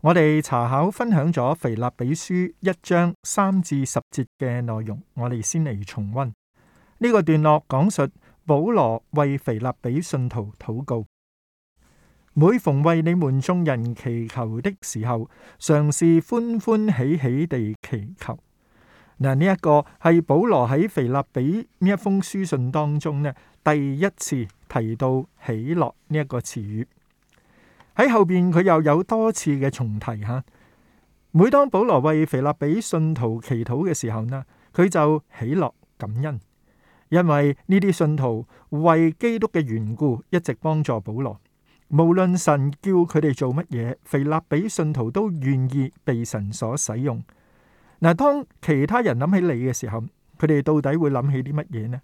我哋查考分享咗腓立比書一章三至十節嘅內容，我哋先嚟重温呢、這個段落，講述保羅為腓立比信徒禱告。每逢為你們眾人祈求的時候，常是歡歡喜喜地祈求。嗱，呢一個係保羅喺腓立比呢一封書信當中呢，第一次提到喜樂呢一個詞語。喺後邊佢又有多次嘅重提吓。每當保羅為腓立比信徒祈禱嘅時候呢，佢就喜樂感恩，因為呢啲信徒為基督嘅緣故一直幫助保羅。無論神叫佢哋做乜嘢，腓立比信徒都願意被神所使用。嗱，當其他人諗起你嘅時候，佢哋到底會諗起啲乜嘢呢？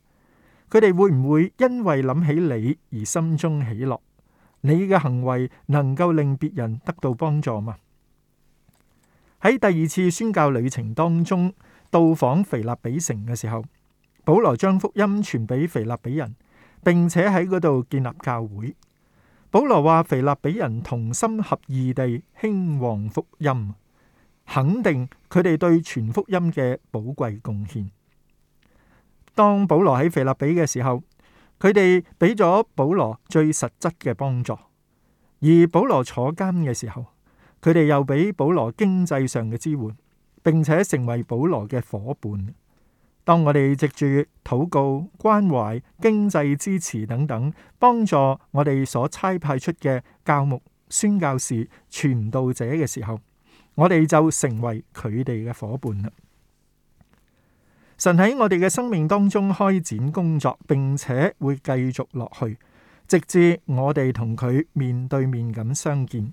佢哋會唔會因為諗起你而心中喜樂？你嘅行為能夠令別人得到幫助嘛？喺第二次宣教旅程當中，到訪腓立比城嘅時候，保羅將福音傳俾腓立比人，並且喺嗰度建立教會。保羅話：腓立比人同心合意地興旺福音，肯定佢哋對傳福音嘅寶貴貢獻。當保羅喺腓立比嘅時候，佢哋俾咗保羅最實質嘅幫助，而保羅坐監嘅時候，佢哋又俾保羅經濟上嘅支援，並且成為保羅嘅伙伴。當我哋藉住禱告、關懷、經濟支持等等幫助我哋所差派出嘅教牧、宣教士、傳道者嘅時候，我哋就成為佢哋嘅伙伴啦。神喺我哋嘅生命當中開展工作，並且會繼續落去，直至我哋同佢面對面咁相見。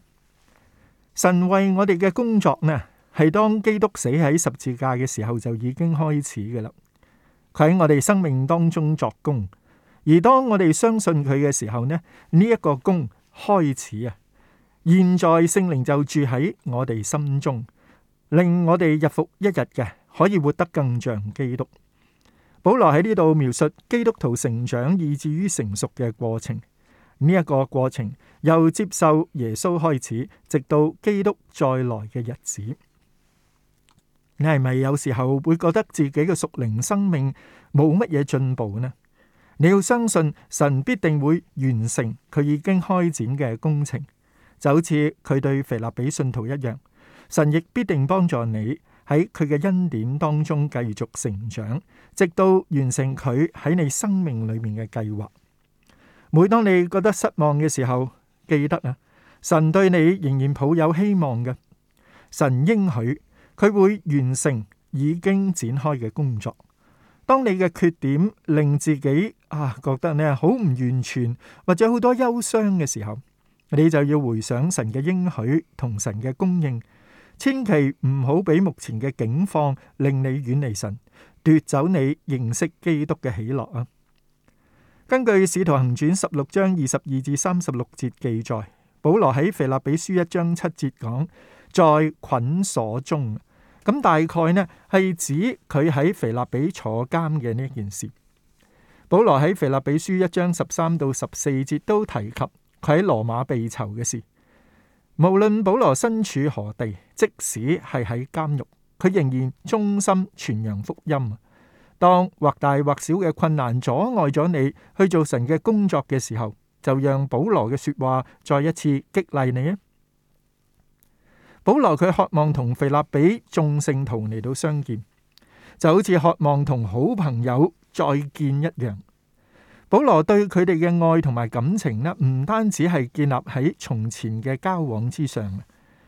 神為我哋嘅工作呢，係當基督死喺十字架嘅時候就已經開始㗎喇。佢喺我哋生命當中作工，而當我哋相信佢嘅時候呢，呢、呢一個工開始啊。現在聖靈就住喺我哋心中，令我哋日復一日嘅。可以活得更像基督。保羅喺呢度描述基督徒成長以至於成熟嘅過程，呢一個過程由接受耶穌開始，直到基督再來嘅日子。你係咪有時候會覺得自己嘅屬靈生命冇乜嘢進步呢？你要相信神必定會完成佢已經開展嘅工程，就好似佢對腓立比信徒一樣，神亦必定幫助你。喺佢嘅恩典當中繼續成長，直到完成佢喺你生命裏面嘅計劃。每當你覺得失望嘅時候，記得啊，神對你仍然抱有希望嘅。神應許佢會完成已經展開嘅工作。當你嘅缺點令自己啊覺得你好唔完全，或者好多憂傷嘅時候，你就要回想神嘅應許同神嘅供應。千祈唔好俾目前嘅境況令你遠離神，奪走你認識基督嘅喜樂啊！根據《使徒行傳》十六章二十二至三十六節記載，保羅喺腓立比書一章七節講，在捆鎖中，咁大概呢係指佢喺腓立比坐監嘅呢件事。保羅喺腓立比書一章十三到十四節都提及佢喺羅馬被囚嘅事。無論保羅身處何地，即使係喺監獄，佢仍然忠心傳揚福音。當或大或小嘅困難阻礙咗你去做神嘅工作嘅時候，就讓保羅嘅說話再一次激勵你啊！保羅佢渴望同腓立比眾聖徒嚟到相見，就好似渴望同好朋友再見一樣。保羅對佢哋嘅愛同埋感情咧，唔單止係建立喺從前嘅交往之上，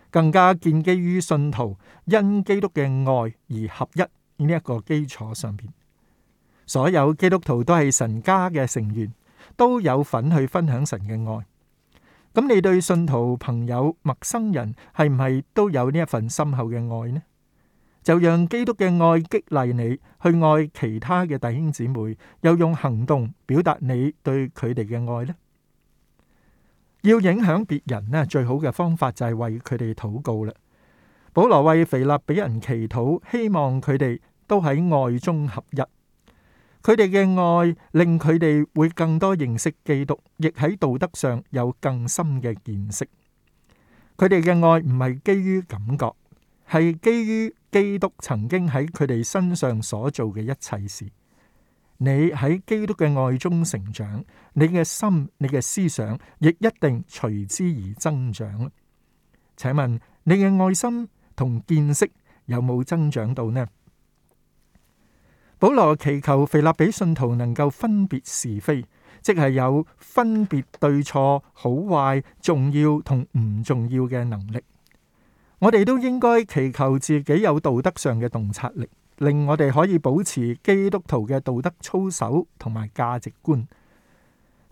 更加建基於信徒因基督嘅愛而合一呢一個基礎上邊。所有基督徒都係神家嘅成員，都有份去分享神嘅愛。咁你對信徒、朋友、陌生人係唔係都有呢一份深厚嘅愛呢？就讓基督嘅愛激勵你去愛其他嘅弟兄姊妹，又用行動表達你對佢哋嘅愛咧。要影響別人咧，最好嘅方法就係為佢哋禱告啦。保羅為腓立比人祈禱，希望佢哋都喺愛中合一。佢哋嘅愛令佢哋會更多認識基督，亦喺道德上有更深嘅見識。佢哋嘅愛唔係基於感覺。係基於基督曾經喺佢哋身上所做嘅一切事，你喺基督嘅愛中成長，你嘅心、你嘅思想亦一定隨之而增長。請問你嘅愛心同見識有冇增長到呢？保羅祈求腓立比信徒能夠分別是非，即係有分別對錯、好壞、重要同唔重要嘅能力。我哋都應該祈求自己有道德上嘅洞察力，令我哋可以保持基督徒嘅道德操守同埋價值觀。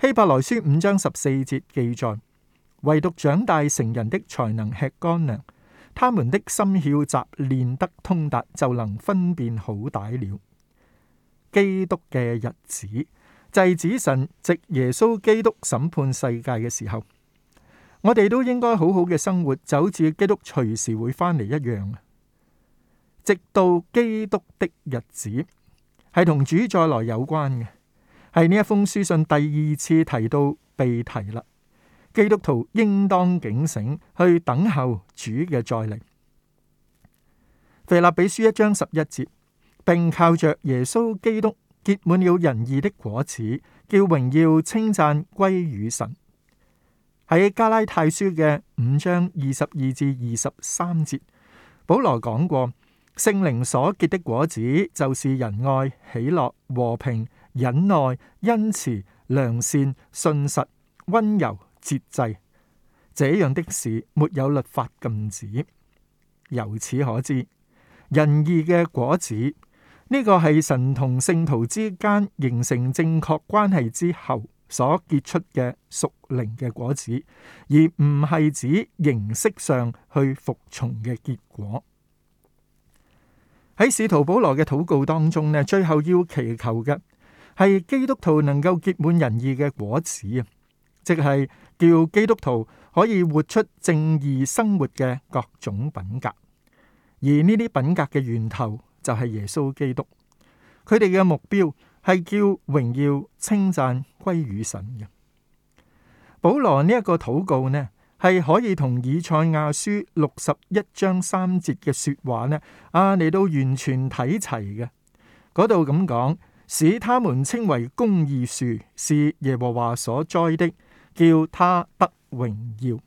希伯來書五章十四節記載：唯獨長大成人的才能吃乾糧，他們的心竅習練得通達，就能分辨好歹了。基督嘅日子，就係神藉耶穌基督審判世界嘅時候。我哋都應該好好嘅生活，就好似基督隨時會返嚟一樣。直到基督的日子係同主再來有關嘅，係呢一封書信第二次提到被提啦。基督徒應當警醒去等候主嘅再來。腓立比書一章十一節，並靠着耶穌基督結滿了仁義的果子，叫榮耀稱讚歸與神。喺加拉太書嘅五章二十二至二十三節，保羅講過，聖靈所結的果子就是仁愛、喜樂、和平、忍耐、恩慈、良善、信實、温柔、節制。這樣的事沒有律法禁止。由此可知，仁義嘅果子呢個係神同聖徒之間形成正確關係之後，所結出嘅屬靈嘅果子，而唔係指形式上去服從嘅結果。喺使徒保羅嘅禱告當中呢，最後要祈求嘅係基督徒能夠結滿仁義嘅果子啊，即係叫基督徒可以活出正義生活嘅各種品格。而呢啲品格嘅源頭就係耶穌基督，佢哋嘅目標。係叫榮耀稱讚歸於神嘅。保羅呢一個禱告呢，係可以同以賽亞書六十一章三節嘅說話呢，阿、啊、尼都完全睇齊嘅。嗰度咁講，使他們稱為公義樹，是耶和華所栽的，叫他得榮耀。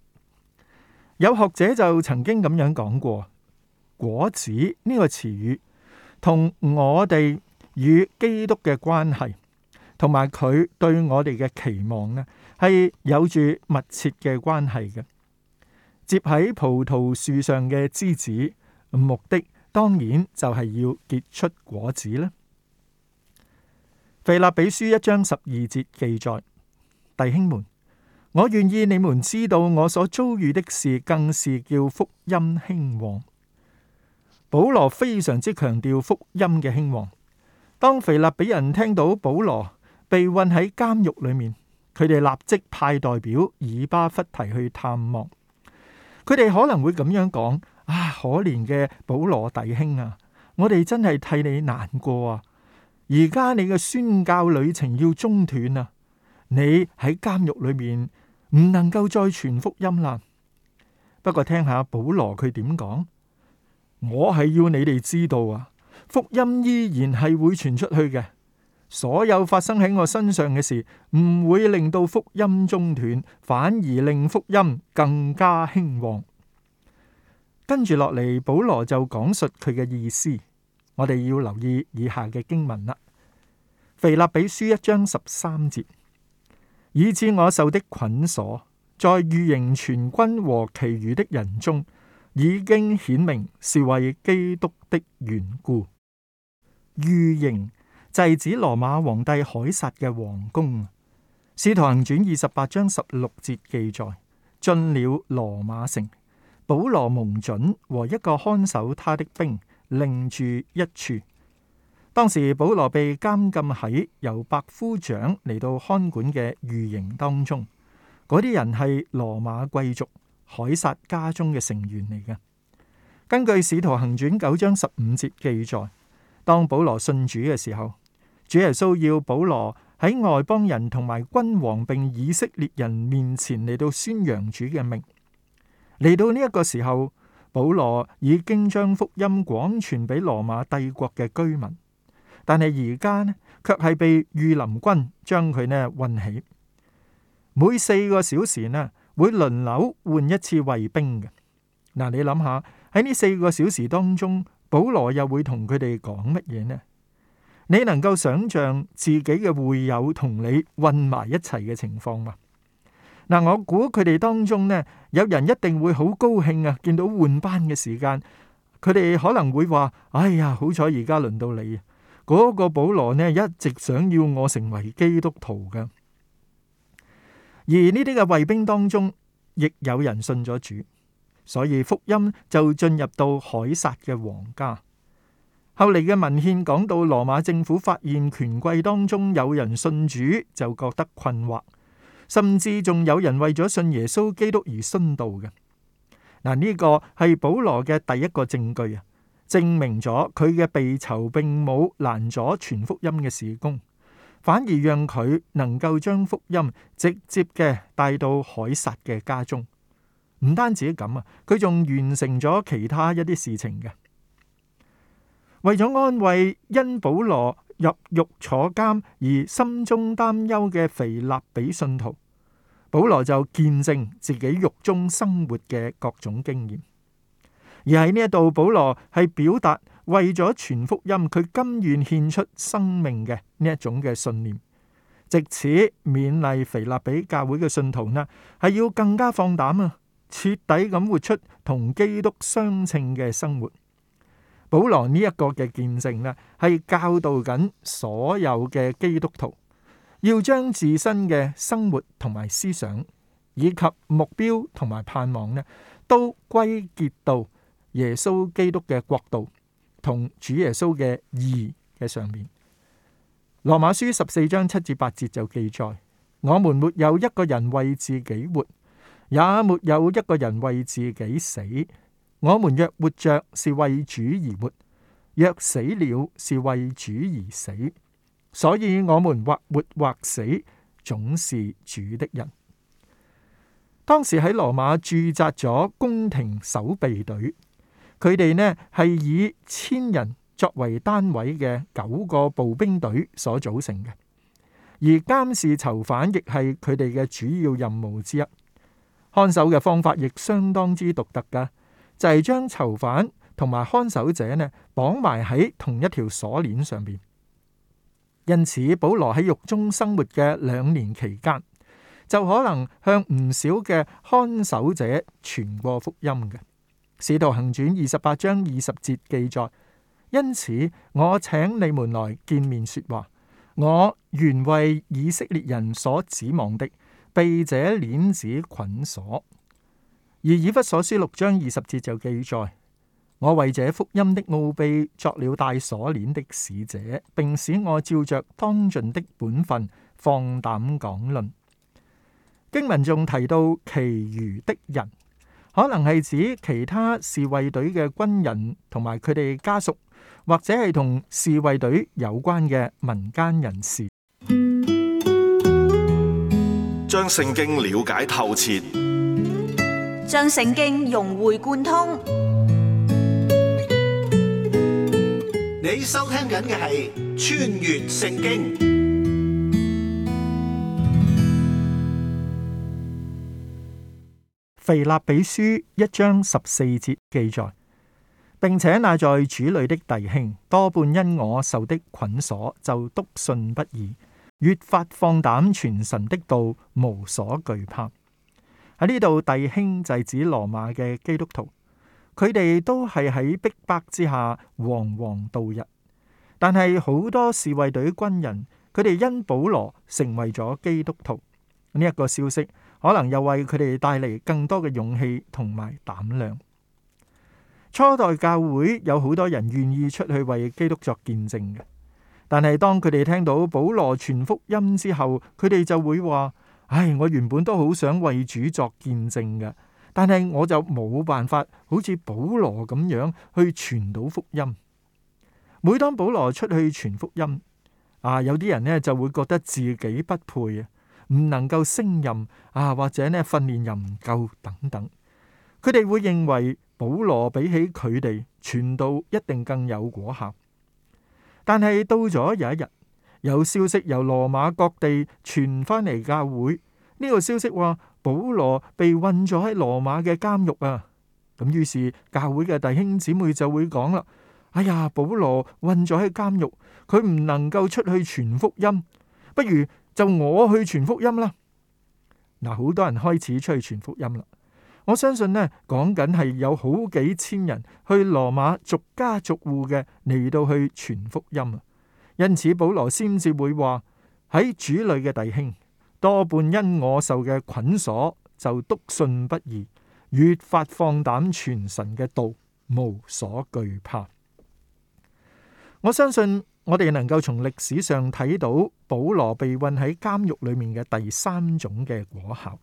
有學者就曾經咁樣講過，果子呢、呢個詞語同我哋。與基督嘅關係，同埋佢對我哋嘅期望咧，係有住密切嘅關係嘅。接喺葡萄樹上嘅枝子，目的當然就係要結出果子咧。腓立比書一章十二節記載：弟兄們，我願意你們知道我所遭遇的事，更是叫福音興旺。保羅非常之強調福音嘅興旺。當腓立比人聽到保羅被困喺監獄裏面，佢哋立即派代表以巴弗提去探望。佢哋可能會咁樣講：啊，可憐嘅保羅弟兄啊，我哋真係替你難過啊！而家你嘅宣教旅程要中斷啊，你喺監獄裏面唔能夠再傳福音啦。不過聽下保羅佢點講，我係要你哋知道啊。福音依然係會傳出去嘅，所有發生喺我身上嘅事唔會令到福音中斷，反而令福音更加興旺。跟住落嚟，保羅就講述佢嘅意思。我哋要留意以下嘅經文啦，《腓立比書》一章十三節，以致我受的捆鎖，在御營全軍和其餘的人中，已經顯明是為基督的緣故。御營就係指羅馬皇帝凱撒嘅皇宮，《使徒行傳》二十八章十六節記載，進了羅馬城，保羅蒙准和一個看守他的兵另住一處。當時保羅被監禁喺由百夫長嚟到看管嘅御營當中，嗰啲人係羅馬貴族凱撒家中嘅成員嚟嘅。根據《使徒行傳》九章十五節記載。當保羅信主嘅時候，主耶穌要保羅喺外邦人同埋君王並以色列人面前嚟到宣揚主嘅命。嚟到呢一個時候，保羅已經將福音廣傳俾羅馬帝國嘅居民，但係而家呢，卻係被御林軍將佢呢運起。每四個小時呢，會輪流換一次衛兵嘅。嗱，你諗下喺呢四個小時當中。保羅又會同佢哋講乜嘢呢？你能夠想象自己嘅會友同你混埋一齊嘅情況嘛？嗱，我估佢哋當中呢，有人一定會好高興啊！見到換班嘅時間，佢哋可能會話：哎呀，好彩而家輪到你啊！嗰個保羅呢，一直想要我成為基督徒㗎。而呢啲嘅衛兵當中，亦有人信咗主。所以福音就進入到凱撒嘅皇家。後嚟嘅文獻講到，羅馬政府發現權貴當中有人信主，就覺得困惑，甚至仲有人為咗信耶穌基督而殉道嘅。嗱、這、呢個係保羅嘅第一個證據啊，證明咗佢嘅被囚並冇攔阻傳福音嘅事工，反而讓佢能夠將福音直接嘅帶到凱撒嘅家中。唔單止咁啊，佢仲完成咗其他一啲事情嘅。為咗安慰因保羅入獄坐監而心中擔憂嘅腓立比信徒，保羅就見證自己獄中生活嘅各種經驗。而喺呢一度，保羅係表達為咗全福音，佢甘願獻出生命嘅呢一種嘅信念，借此勉勵腓立比教會嘅信徒呢，係要更加放膽啊！徹底咁活出同基督相稱嘅生活，保羅呢一個嘅見證呢，係教導緊所有嘅基督徒，要將自身嘅生活同埋思想，以及目標同埋盼望呢，都歸結到耶穌基督嘅國度同主耶穌嘅義嘅上面。羅馬書十四章七至八節就記載：我們沒有一個人為自己活。也沒有一個人為自己死。我們若活着，是為主而活；若死了，是為主而死。所以，我們或活或死，總是主的人。當時喺羅馬駐紮咗宮廷守備隊，佢哋呢係以千人作為單位嘅九個步兵隊所組成嘅，而監視囚犯亦係佢哋嘅主要任務之一。看守嘅方法亦相當之獨特㗎，就係、是，將囚犯同埋看守者呢綁埋喺同一條鎖鏈上邊。因此，保羅喺獄中生活嘅兩年期間，就可能向唔少嘅看守者傳過福音嘅。《使徒行傳》二十八章二十節記載。因此，我請你們來見面説話，我原為以色列人所指望的。被這鏈子捆鎖，而以弗所書六章二十節就記載：我為這福音的奧祕作了帶鎖鏈的使者，並使我照着當盡的本分放膽講論。經文仲提到其餘的人，可能係指其他侍衛隊嘅軍人同埋佢哋家屬，或者係同侍衛隊有關嘅民間人士。將聖經了解透徹，嗯，將聖經融會貫通。你收聽緊嘅係《穿越聖經》。腓立比書一章十四節記載，並且那在主裏的弟兄，多半因我受的捆鎖，就篤信不疑。越發放膽傳神的道，無所懼怕。喺呢度，弟兄就指羅馬嘅基督徒，佢哋都係喺逼迫之下惶惶度日。但係好多侍衛隊軍人，佢哋因保羅成為咗基督徒呢一個消息，可能又為佢哋帶嚟更多嘅勇氣同埋膽量。初代教會有好多人願意出去為基督作見證嘅。但係當佢哋聽到保羅傳福音之後，佢哋就會話：唉，我原本都好想為主作見證嘅，但係我就冇辦法，好似保羅咁樣去傳導福音。每當保羅出去傳福音，啊，有啲人呢就會覺得自己不配啊，唔能夠勝任啊，或者呢訓練又唔夠等等，佢哋會認為保羅比起佢哋傳道一定更有果效。但係到咗有一日，有消息由羅馬各地傳返嚟教會，呢個消息話保羅被困咗喺羅馬嘅監獄啊！咁於是教會嘅弟兄姊妹就會講啦：哎呀，保羅困咗喺監獄，佢唔能夠出去傳福音，不如就我去傳福音啦！嗱，好多人開始出去傳福音啦。我相信呢，講緊係有好幾千人去羅馬逐家逐戶嘅，嚟到去傳福音。因此保羅先至會話，喺主裏嘅弟兄，多半因我受嘅捆鎖就篤信不疑，越發放膽傳神嘅道，無所懼怕。我相信我哋能夠從歷史上睇到保羅被困喺監獄裏面嘅第三種嘅果效。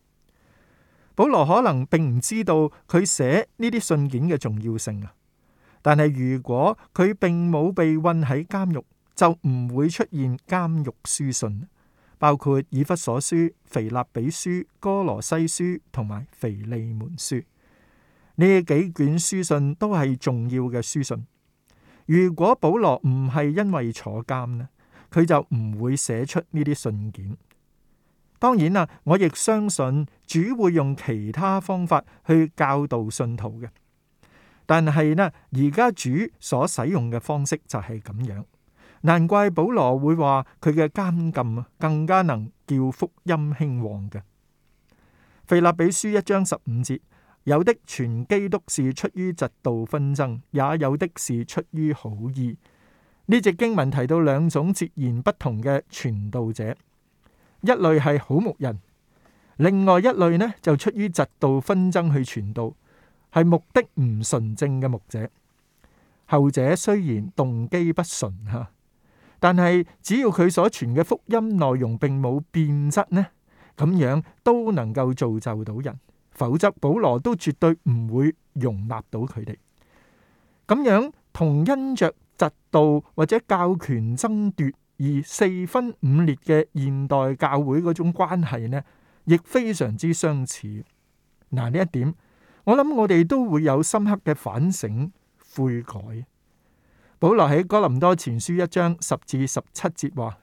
保羅可能並唔知道佢寫呢啲信件嘅重要性啊，但係如果佢並冇被困喺監獄，就唔會出現監獄書信，包括以弗所書、腓立比書、哥羅西書同埋腓利門書呢幾卷書信都係重要嘅書信。如果保羅唔係因為坐監呢，佢就唔會寫出呢啲信件。當然啦，我亦相信主會用其他方法去教導信徒嘅。但係呢，而家主所使用嘅方式就係咁樣。難怪保羅會話佢嘅監禁更加能叫福音興旺嘅。腓立比書一章十五節，有的傳基督是出於嫉妒紛爭，也有的是出於好意。呢隻經文提到兩種截然不同嘅傳道者。一類係好牧人，另外一類呢就出於嫉妒紛爭去傳道，係目的唔純正嘅牧者。後者雖然動機不純吓，但係只要佢所傳嘅福音內容並冇變質呢，咁樣都能夠造就到人。否則保羅都絕對唔會容納到佢哋。咁樣同因着嫉妒或者教權爭奪。而四分五裂嘅現代教會嗰種關係呢，亦非常之相似。嗱，呢一點，我諗我哋都會有深刻嘅反省悔改。保羅喺哥林多前書一章十至十七節話：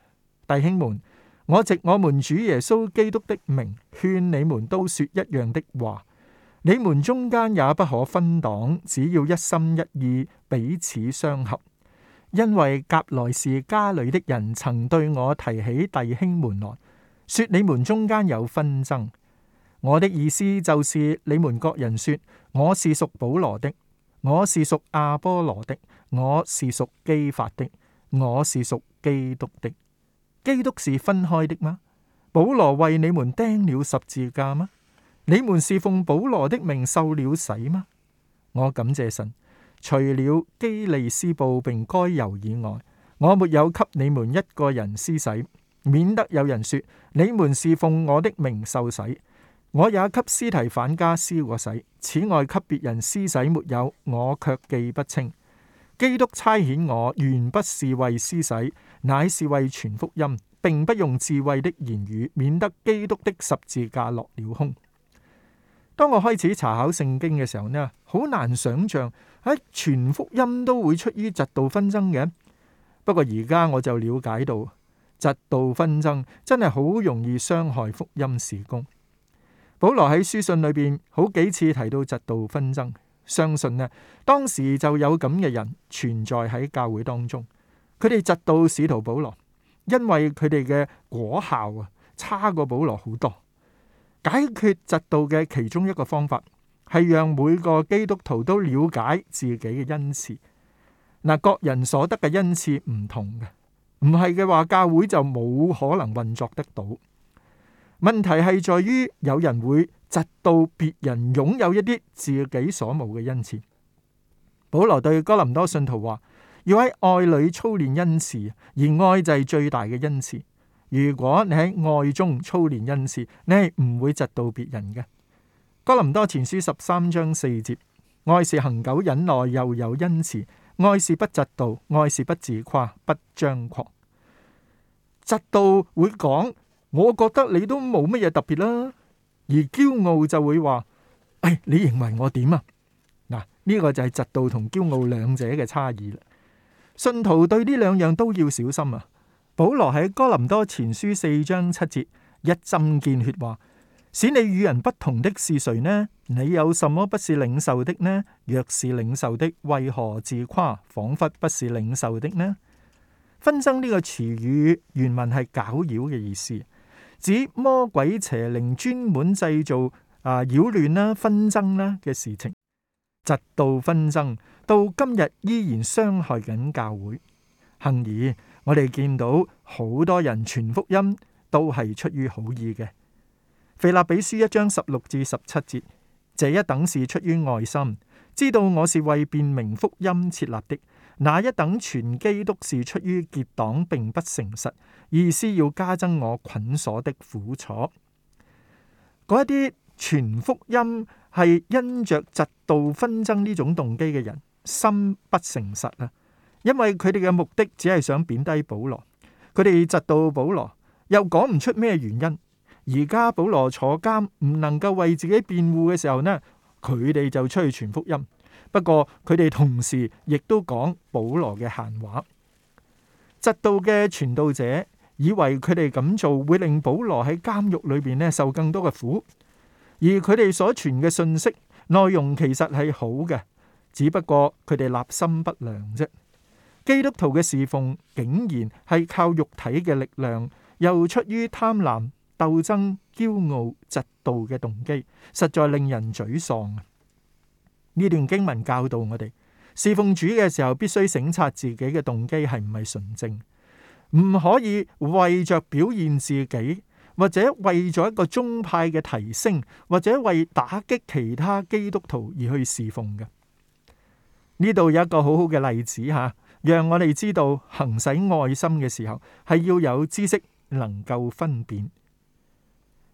弟兄們，我藉我們主耶穌基督的名勸你們都說一樣的話，你們中間也不可分黨，只要一心一意，彼此相合。因為革來氏家裏的人曾對我提起弟兄們來，說你們中間有紛爭。我的意思就是你們各人說我是屬保羅的，我是屬亞波羅的，我是屬基法的，我是屬基督的。基督是分開的嗎？保羅為你們釘了十字架嗎？你們是奉保羅的名受了洗嗎？我感謝神。除了基利斯布並該猶以外，我沒有給你們一個人施洗，免得有人說你們是奉我的名受洗。我也給斯提反家施過洗，此外給別人施洗沒有，我卻記不清。基督差遣我，原不是為施洗，乃是為傳福音，並不用智慧的言語，免得基督的十字架落了空。當我開始查考聖經嘅時候呢，好難想象。全福音都會出於嫉妒紛爭嘅。不過而家我就了解到，嫉妒紛爭真係好容易傷害福音事工。保羅喺書信裏邊好幾次提到嫉妒紛爭，相信咧當時就有咁嘅人存在喺教會當中，佢哋嫉妒使徒保羅，因為佢哋嘅果效啊差過保羅好多。解決嫉妒嘅其中一個方法，係讓每個基督徒都了解自己嘅恩賜。嗱，各人所得嘅恩賜唔同嘅，唔係嘅話，教會就冇可能運作得到。問題係在於有人會窒到別人擁有一啲自己所冇嘅恩賜。保羅對哥林多信徒話：要喺愛裏操練恩賜，而愛就係最大嘅恩賜。如果你喺愛中操練恩賜，你係唔會窒到別人嘅。哥林多前書十三章四節，愛是恒久忍耐，又有恩慈；愛是不嫉妒，愛是不自誇，不張狂。嫉妒會講，我覺得你都冇乜嘢特別啦；而驕傲就會話，哎，你認為我點啊？嗱，呢個就係嫉妒同驕傲兩者嘅差異。信徒對呢兩樣都要小心啊！保羅喺哥林多前書四章七節一針見血話。使你與人不同的是誰呢？你有什麼不是領受的呢？若是領受的，為何自誇，仿佛不是領受的呢？紛爭呢個詞語原文係攪擾嘅意思，指魔鬼邪靈專門製造啊擾亂啦紛爭啦、啊、嘅、啊、事情，直到紛爭到今日依然傷害緊教會。幸而我哋見到好多人傳福音都係出於好意嘅。腓立比書一章十六至十七節，這一等是出於愛心，知道我是為辨明福音設立的；那一等全基督是出於結黨，並不誠實，意思要加增我捆鎖的苦楚。嗰一啲全福音係因着嫉妒紛爭呢種動機嘅人，心不誠實啊！因為佢哋嘅目的只係想貶低保羅，佢哋嫉妒保羅，又講唔出咩原因。而家保羅坐監，唔能夠為自己辯護嘅時候呢，佢哋就出去傳福音。不過佢哋同時亦都講保羅嘅閒話。嫉妒嘅傳道者以為佢哋咁做會令保羅喺監獄裏邊呢受更多嘅苦，而佢哋所傳嘅信息內容其實係好嘅，只不過佢哋立心不良啫。基督徒嘅侍奉竟然係靠肉體嘅力量，又出於貪婪。鬥爭、驕傲、嫉妒嘅動機，實在令人沮喪啊！呢段經文教導我哋，侍奉主嘅時候必須省察自己嘅動機係唔係純正，唔可以為着表現自己，或者為咗一個宗派嘅提升，或者為打擊其他基督徒而去侍奉嘅。呢度有一個好好嘅例子吓，讓我哋知道行使愛心嘅時候係要有知識，能夠分辨。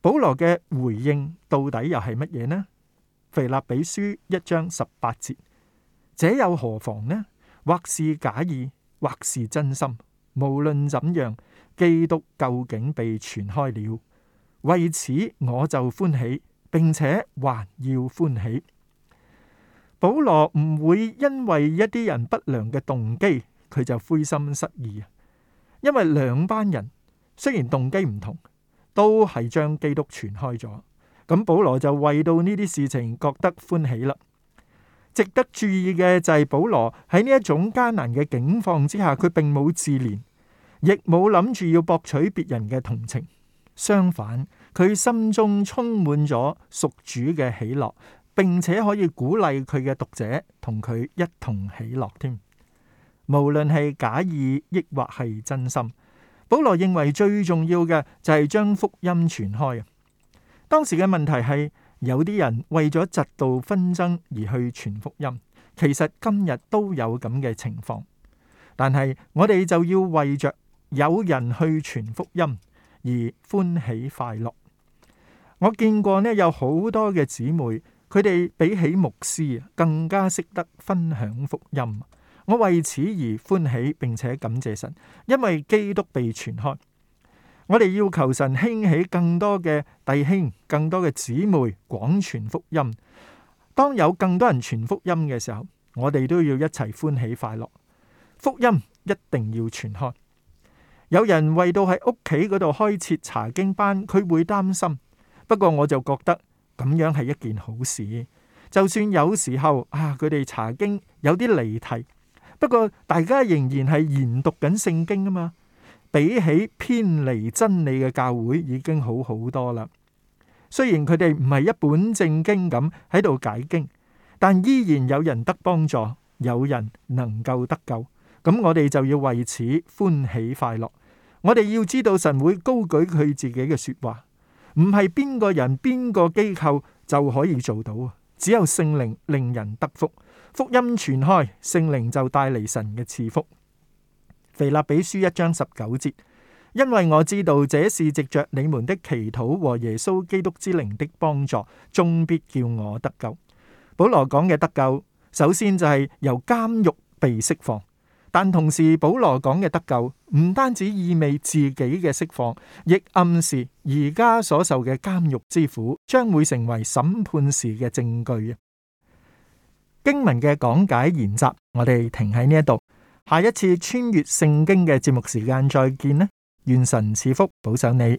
保羅嘅回應到底又係乜嘢呢？腓立比書一章十八節，這又何妨呢？或是假意，或是真心，無論怎樣，基督究竟被傳開了，為此我就歡喜，並且還要歡喜。保羅唔會因為一啲人不良嘅動機，佢就灰心失意，因為兩班人，雖然動機唔同。都係將基督傳開咗，咁保羅就為到呢啲事情覺得歡喜啦。值得注意嘅就係保羅喺呢一種艱難嘅境況之下，佢並冇自憐，亦冇諗住要博取別人嘅同情。相反，佢心中充滿咗屬主嘅喜樂，並且可以鼓勵佢嘅讀者同佢一同喜樂添。無論係假意抑或係真心。保羅認為最重要嘅就係將福音傳開啊！當時嘅問題係有啲人為咗嫉妒紛爭而去傳福音，其實今日都有咁嘅情況。但係我哋就要為着有人去傳福音而歡喜快樂。我見過呢有好多嘅姊妹，佢哋比起牧師更加識得分享福音。我為此而歡喜，並且感謝神，因為基督被傳開。我哋要求神興起更多嘅弟兄、更多嘅姊妹，廣傳福音。當有更多人傳福音嘅時候，我哋都要一齊歡喜快樂。福音一定要傳開。有人為到喺屋企嗰度開設查經班，佢會擔心。不過我就覺得咁樣係一件好事。就算有時候啊，佢哋查經有啲離題。不過大家仍然係研讀緊聖經啊嘛，比起偏離真理嘅教會已經好好多啦。雖然佢哋唔係一本正經咁喺度解經，但依然有人得幫助，有人能夠得救。咁我哋就要為此歡喜快樂。我哋要知道神會高舉佢自己嘅說話，唔係邊個人邊個機構就可以做到，只有聖靈令人得福。福音傳開，聖靈就帶嚟神嘅賜福。腓立比書一章十九節，因為我知道這是藉着你們的祈禱和耶穌基督之靈的幫助，終必叫我得救。保羅講嘅得救，首先就係由監獄被釋放，但同時保羅講嘅得救，唔單止意味自己嘅釋放，亦暗示而家所受嘅監獄之苦將會成為審判時嘅證據。經文嘅講解研習，我哋停喺呢一度。下一次穿越聖經嘅節目時間再見呢。願神賜福，保佑你。